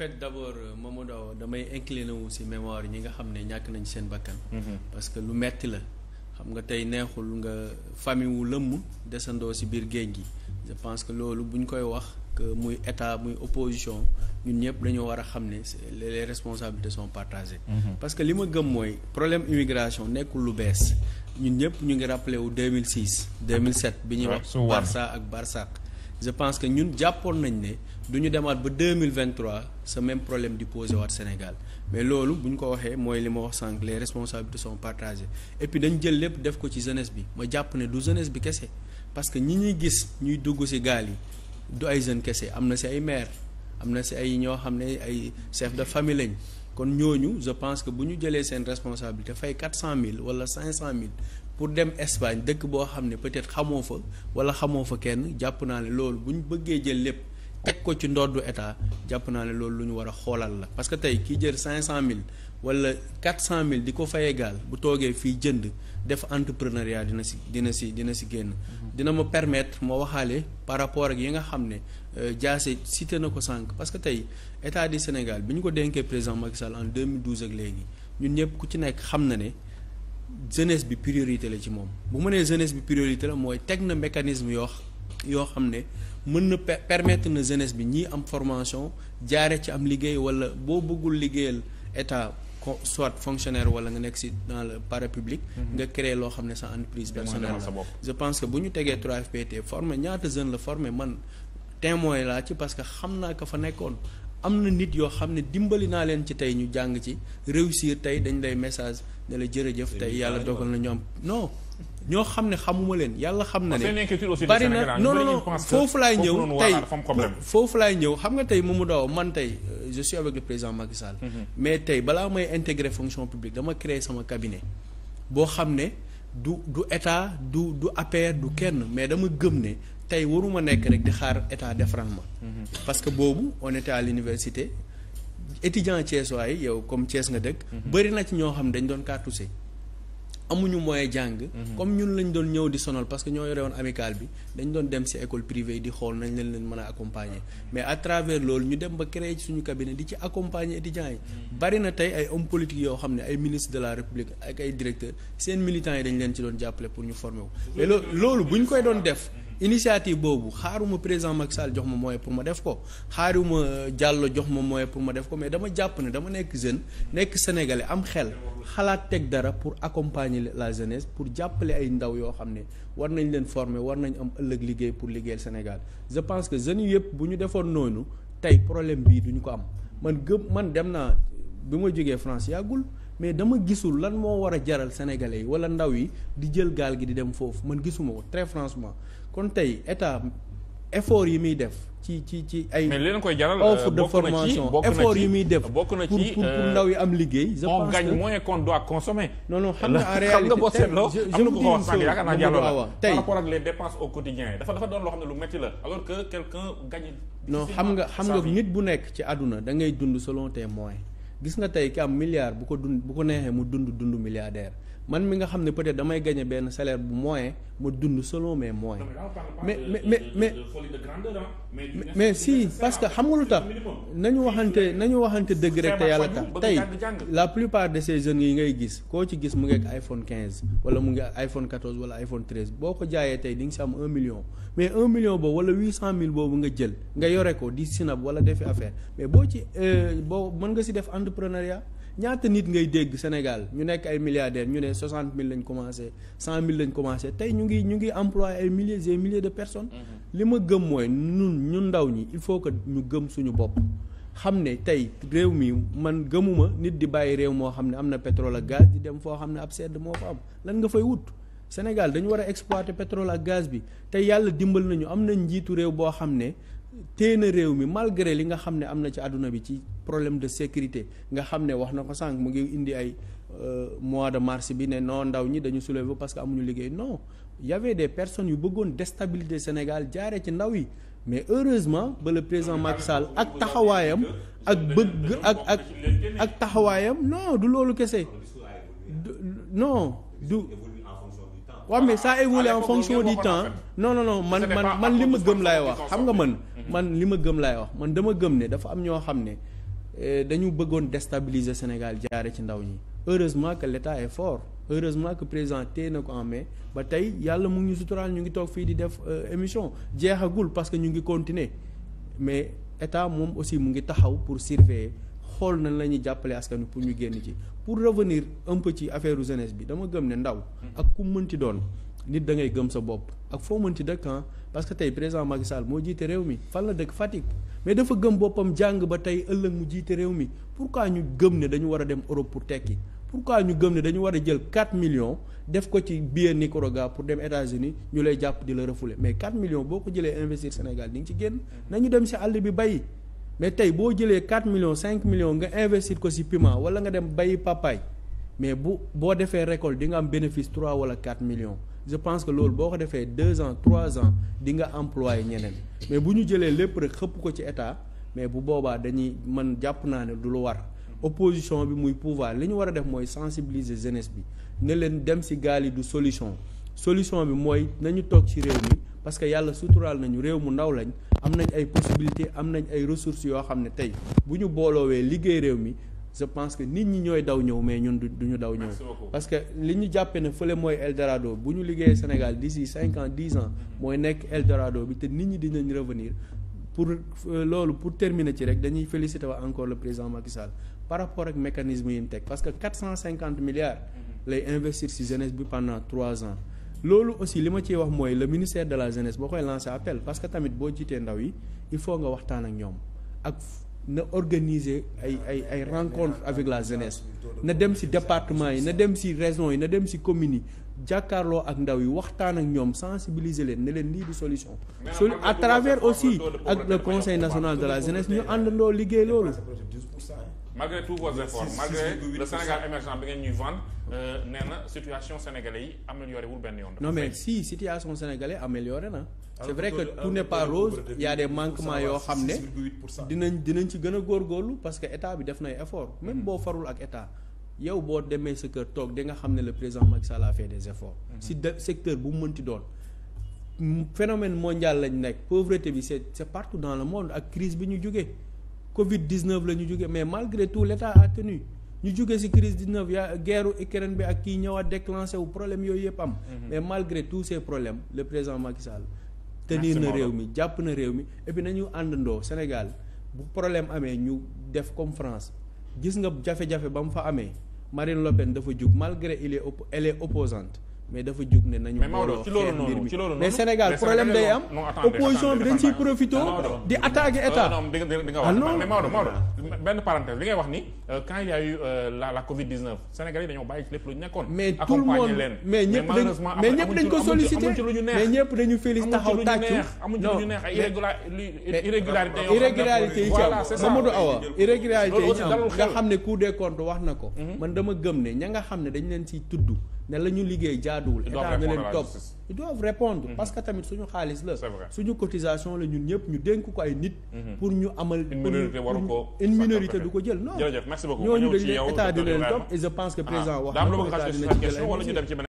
fait d' abord euh, Mamadou damay incliné wu si mémoire ñi nga xam ne ñàkk nañ seen bakkan. Mm-hmm. parce que lu metti la xam nga tey neexul nga famille wu lëmm desandoo si biir géej gi. je pense que loolu bu ñu koy wax que muy état muy opposition ñun ñëpp dañoo war a xam ne les responsabilités sont partagées. Mm-hmm. parce que li ma gëm mooy problème immigration nekkul lu bees ñun ñëpp ñu ngi rappelé wu 2006 2007. bi ñuy wax Barça ak Barsaq. je pense que ñun jàppoon nañ ne du ñu demaat ba deux mille vingt trois ce même problème di posé waat Sénégal mais loolu bu ñu ko waxee mooy li ma wax sànq les responsabilités sont partagées et dañ jël lépp def ko ci jeunesse bi ma jàpp ne du jeunesse bi kese parce que ñi ñuy gis ñuy dugg ci gaal yi du ay jeunes kese am na si ay maire am na si ay ñoo xam ne ay chef de famille lañ kon ñooñu je pense que bu ñu jëlee seen responsabilité fay quatre cent mille wala cinq cent mille pour dem Espagne dëkk boo xam ne peut-être xamoo fa wala xamoo fa kenn jàpp naa ne loolu bu ñu bëggee jël lépp teg ko ci ndoddu état jàpp naa ne loolu lu ñu war a xoolal la parce que tey kii jël cinq cent mille wala quatre cent mille di ko fayee gaal bu toogee fii jënd def entrepreneuriat dina dina si dina si génn mhm. dina ma permettre ma waxaale par rapport ak yi nga xam ne jaase euh, cité na ko sànq parce que tey état du Sénégal bi ñu ko dénkee président Macky Sall en 2012 ak léegi ñun ñëpp ku ci nekk xam na ne jeunesse bi priorité la ci moom bu ma nee jeunesse bi priorité la mooy teg na mécanisme yoo xam ne mën na permettre na jeunesse bi ñii am formation jaare ci am liggéey wala boo bëggul liggéeyal état soit fonctionnaire wala nga nekk si dans le parapublic. Mhm. nga créer loo xam ne sa entreprise personnelle la je pense que bu ñu tegee 3FPT formé jeune la formé man témoin laa ci parce que xam naa ko fa nekkoon am na nit yoo xam ne dimbali naa leen ci tey ñu jàng ci réussir tey dañ lay message ne la jërëjëf tey yàlla dogal na ñu am non ñoo xam ne xamuma leen yàlla xam na ne bari na non non non foofu laay ñëw foofu laay ñëw xam nga tey Mamadou Awa man tey euh, je suis avec le président Macky mhm. mais tey balaa may intégrer fonction publique dama créer sama cabinet boo xam ne du du état du du APR du kenn mais dama gëm ne tey waruma nekk rek di xaar état defran ma mhm. parce boobu on était à étudiant Thiès waay yow comme Thiès nga dëkk. Mhm. bëri ci ñoo xam dañ doon cartouché amuñu moyen jàng. Mhm. comme ñun lañ doon ñëw di sonal parce ñoo yore woon bi dañ doon dem si école privée di xool nañ leen mën a accompagner mhm. mais à loolu ñu dem ba créer ci suñu cabinet di ci accompagner étudiants yi. bari tey ay hommes politiques yoo xam ne ay ministres de la république ak ay directeurs seen militants yi dañ leen ci doon jàppale pour ñu former initiative boobu xaaruma présent Macky Sall jox ma moyen pour ma def ko xaaruma Diallo jox ma moyen pour ma def ko mais dama jàpp ne dama nekk jeune nekk sénégalais am xel xalaat teg dara pour accompagner la jeunes pour jàppale ay ndaw yoo xam ne war nañ leen former war nañ am ëllëg liggéey pour liggéeyal Sénégal je pense que jeunes yi yëpp bu ñu defoon noonu tey problème bii duñu ko am man gëm man dem naa bi ma jógee France yàggul mais dama gisul lan moo war a jaral sénégalais yi wala ndaw yi di jël gaal gi di dem foofu man gisuma ko très kon tey état effort yi muy def ci ci ci ay. mais leen koy jaral offre euh, de formation effort yi muy def. bokk na ci pour euh, ndaw yi am liggéey. je pense on gagne moins qu'on doit consommer. non non xam nga en réalité xam nga je je vous dis soo yaakaar naa jàlloo la tey par rapport ak les dépenses au quotidien dafa dafa doon loo xam ne lu métti la alors que quelqu'un gagne. non xam nga xam nga nit bu nekk ci àdduna da ngay dund solon tes moyens. gis nga tey ki am milliard bu ko dund bu ko neexee mu dund dund milliardaire man mi nga xam ne peut-être damay gagner benn salaire bu moyen ma dund selon mes moyens. mais mais mais mais si parce que xam nga lu tax nañu waxante nañu waxante dëgg rek te yàlla tax tey la plupart de ces yi ngay gis koo ci gis mu ngi ak iPhone 15 wala mu ngi ak iPhone 14 wala iPhone 13 boo ko jaayee tey di nga si am 1 million mais 1 million boobu wala 800000 boobu nga jël nga yore ko di sinab wala defi affaire mais boo ci euh, boo mën nga si def entrepreneuriat ñaata nit ngay dégg Sénégal ñu nekk ay milliardaires ñu ne. soixante mille lañ commencé cent mille lañ commencé tey ñu ngi ñu ngi employé ay milliers et milliers de personnes. Mhm. li ma gëm mooy ñun ñun ndaw ñi il faut que ñu gëm suñu bopp. xam ne tey réew mi man gëmuma nit di bàyyi réew moo xam ne am na pétrole ak gaz di dem foo xam ne ab sedd moo fa am lan nga fay wut. Sénégal dañu war a exploiter pétrole ak gaz bi tey yàlla dimbal nañu am na njiitu réew boo xam ne. tee na réew mi malgré li nga xam ne am na ci àdduna bi ci problème de sécurité nga xam ne wax na ko sànq mu ngi indi ay Euh, mois de mars bi ne non ndaw ñi dañu soulever parce que amuñu liggéey non y avait des personnes yu bëggoon déstabiliser Sénégal jaaree ci ndaw yi mais heureusement ba le président Macky ak taxawaayam ak bëgg ak ak ak taxawaayam non du loolu kese non du waaw mais ça évolue en temps non non man man ma gëm laay wax xam nga man man li ma gëm laay wax man dama gëm ne dafa am ñoo xam ne euh, dañu bëggoon déstabiliser Sénégal jaare ci ndaw ñi heureusement que l'État est fort heureusement que président téye na ko en main ba tey yàlla mu ngi ñu suturaal ñu ngi toog fii di def euh, émission jeexagul parce que ñu ngi continuer mais état moom aussi mu ngi taxaw pour surveiller xool nañ la ñuy jàppale askan pour ñu génn ci pour revenir un peu ci affaire jeunesse bi dama gëm ne ndaw ak ku mënti doon nit da ngay gëm sa bopp ak foo mënti dëkk ah parce que tey président Macky moo jiite réew mi fan la dëkk Fatick mais dafa gëm boppam jàng ba tey ëllëg mu jiite réew mi pour pourquoi ñu gëm ne dañu war a dem Europe pour tekki pour quoi ñu gëm ne dañu war a jël 4 millions def ko ci billet Nicaragua pour dem États-Unis ñu lay jàpp di la refoulé mais 4 millions boo ko jëlee investir Sénégal di nga ci génn nañu dem si àll bi bay mais tey boo jëlee 4 millions 5 millions nga investir ko si piment wala nga dem bayi papaay mais bu boo defee récolte di nga am bénéfice 3 wala 4 millions je pense que loolu boo ko defee deux ans trois ans di nga employé ñeneen mais bu ñu jëlee lépp rek xëpp ko ci état mais bu boobaa dañuy man jàpp naa ne du lu war opposition bi muy pouvoir li ñu war a def mooy sensibiliser jeunesse bi ne leen dem si gaal yi du solution solution bi mooy nañu toog ci réew mi parce que yàlla suturaal nañu réew mu ndaw lañ am nañ ay possibilités am nañ ay ressources yoo xam ne tey bu ñu booloowee liggéey réew mi je pense que nit ñi ñooy daw ñëw mais ñun du ñu daw ñëw parce que li ñu jàppee ne fële mooy Eldorado bu ñu liggéeyee Sénégal d'ici cinq ans dix ans mooy nekk Eldorado bi te nit ñi dinañ revenir pour euh, loolu pour terminer ci rek dañuy féliciter waa encore le président Macky par rapport ak mécanisme yi ñu teg parce que quatre cent cinquante milliards lay investir ci jeunesse bi pendant trois ans loolu aussi li ma ciy wax mooy le ministère de la jeunesse boo koy lancer appel parce que tamit boo jiitee yi il faut nga waxtaan ak ñoom ak na organiser ay ay ay rencontre avec la jeunesse na dem si département yi na dem si région yi na dem si commune yi jàkkaarloo ak ndaw yi waxtaan ak ñoom sensibiliser leen ne leen lii du solution solu à travers aussi ak le conseil national de la jeunesse ñu àndandoo liggéey loolu malgré tous vos efforts malgré le Sénégal émergent bi ngeen ñuy vendre euh, nee na situation sénégalais yi amélioré wul benn situation sénégalais amélioré na. c'est vrai que tout n'est pas rose il y a yoo xam ne dinañ dinañ ci gën a góorgóorlu parce que état bi def nay effort même mhm. boo farul ak état yow boo demee sa kër toog di nga xam ne le présent Macky Sall a des efforts. Mhm. si de secteur bu mu mënti doon. phénomène mondial lañ nekk pauvreté bi c'est c'est partout dans le monde ak crise bi ñu jógee. Covid 19 la ñu jógee mais malgré tout l' état a tenu ñu jógee ci crise 19 yaa guerru Ukraine bi ak kii ñëwaat déclancer wu problème yooyu yëpp am. Mhm. mais malgré tout ces problèmes le président Macky Sall. tenir na réew mi jàpp na réew mi et puis nañu àndandoo Sénégal bu problème amee ñu def comme France gis nga jafe-jafe ba mu fa amee Marine Le dafa jug malgré il est elle est opposante mais dafa jug ne nañu. booloo xeex mbir mi mais Sénégal problème day am. opposition bi dañ siy profité di attaquer euh, état. mais Maodo Maodo benn parenthèse li euh, a eu euh, la la Covid 19 Sénégal yi dañoo mais tout le mais ñëpp dañ ko sollicité mais ñëpp dañu félicité taxaw tàccu. irrégularité yi ci am Mamadou Awa irrégularité yi ci am nga xam ne Cour des comptes wax na ko. Mhm. man dama gëm ne ña nga xam ne dañ leen siy tudd ne la ñu liggéey jaaduwul état ne leen topp ils doivent répondre mhm. parce que tamit suñu xaalis la suñu cotisation la ñun ñëpp ñu dénk ko ay nit mhm. pour ñu amal une minorité du ko jël non ñooñu dañ leen état di leen topp et je pense que ah. président wax na ko état dina ci jël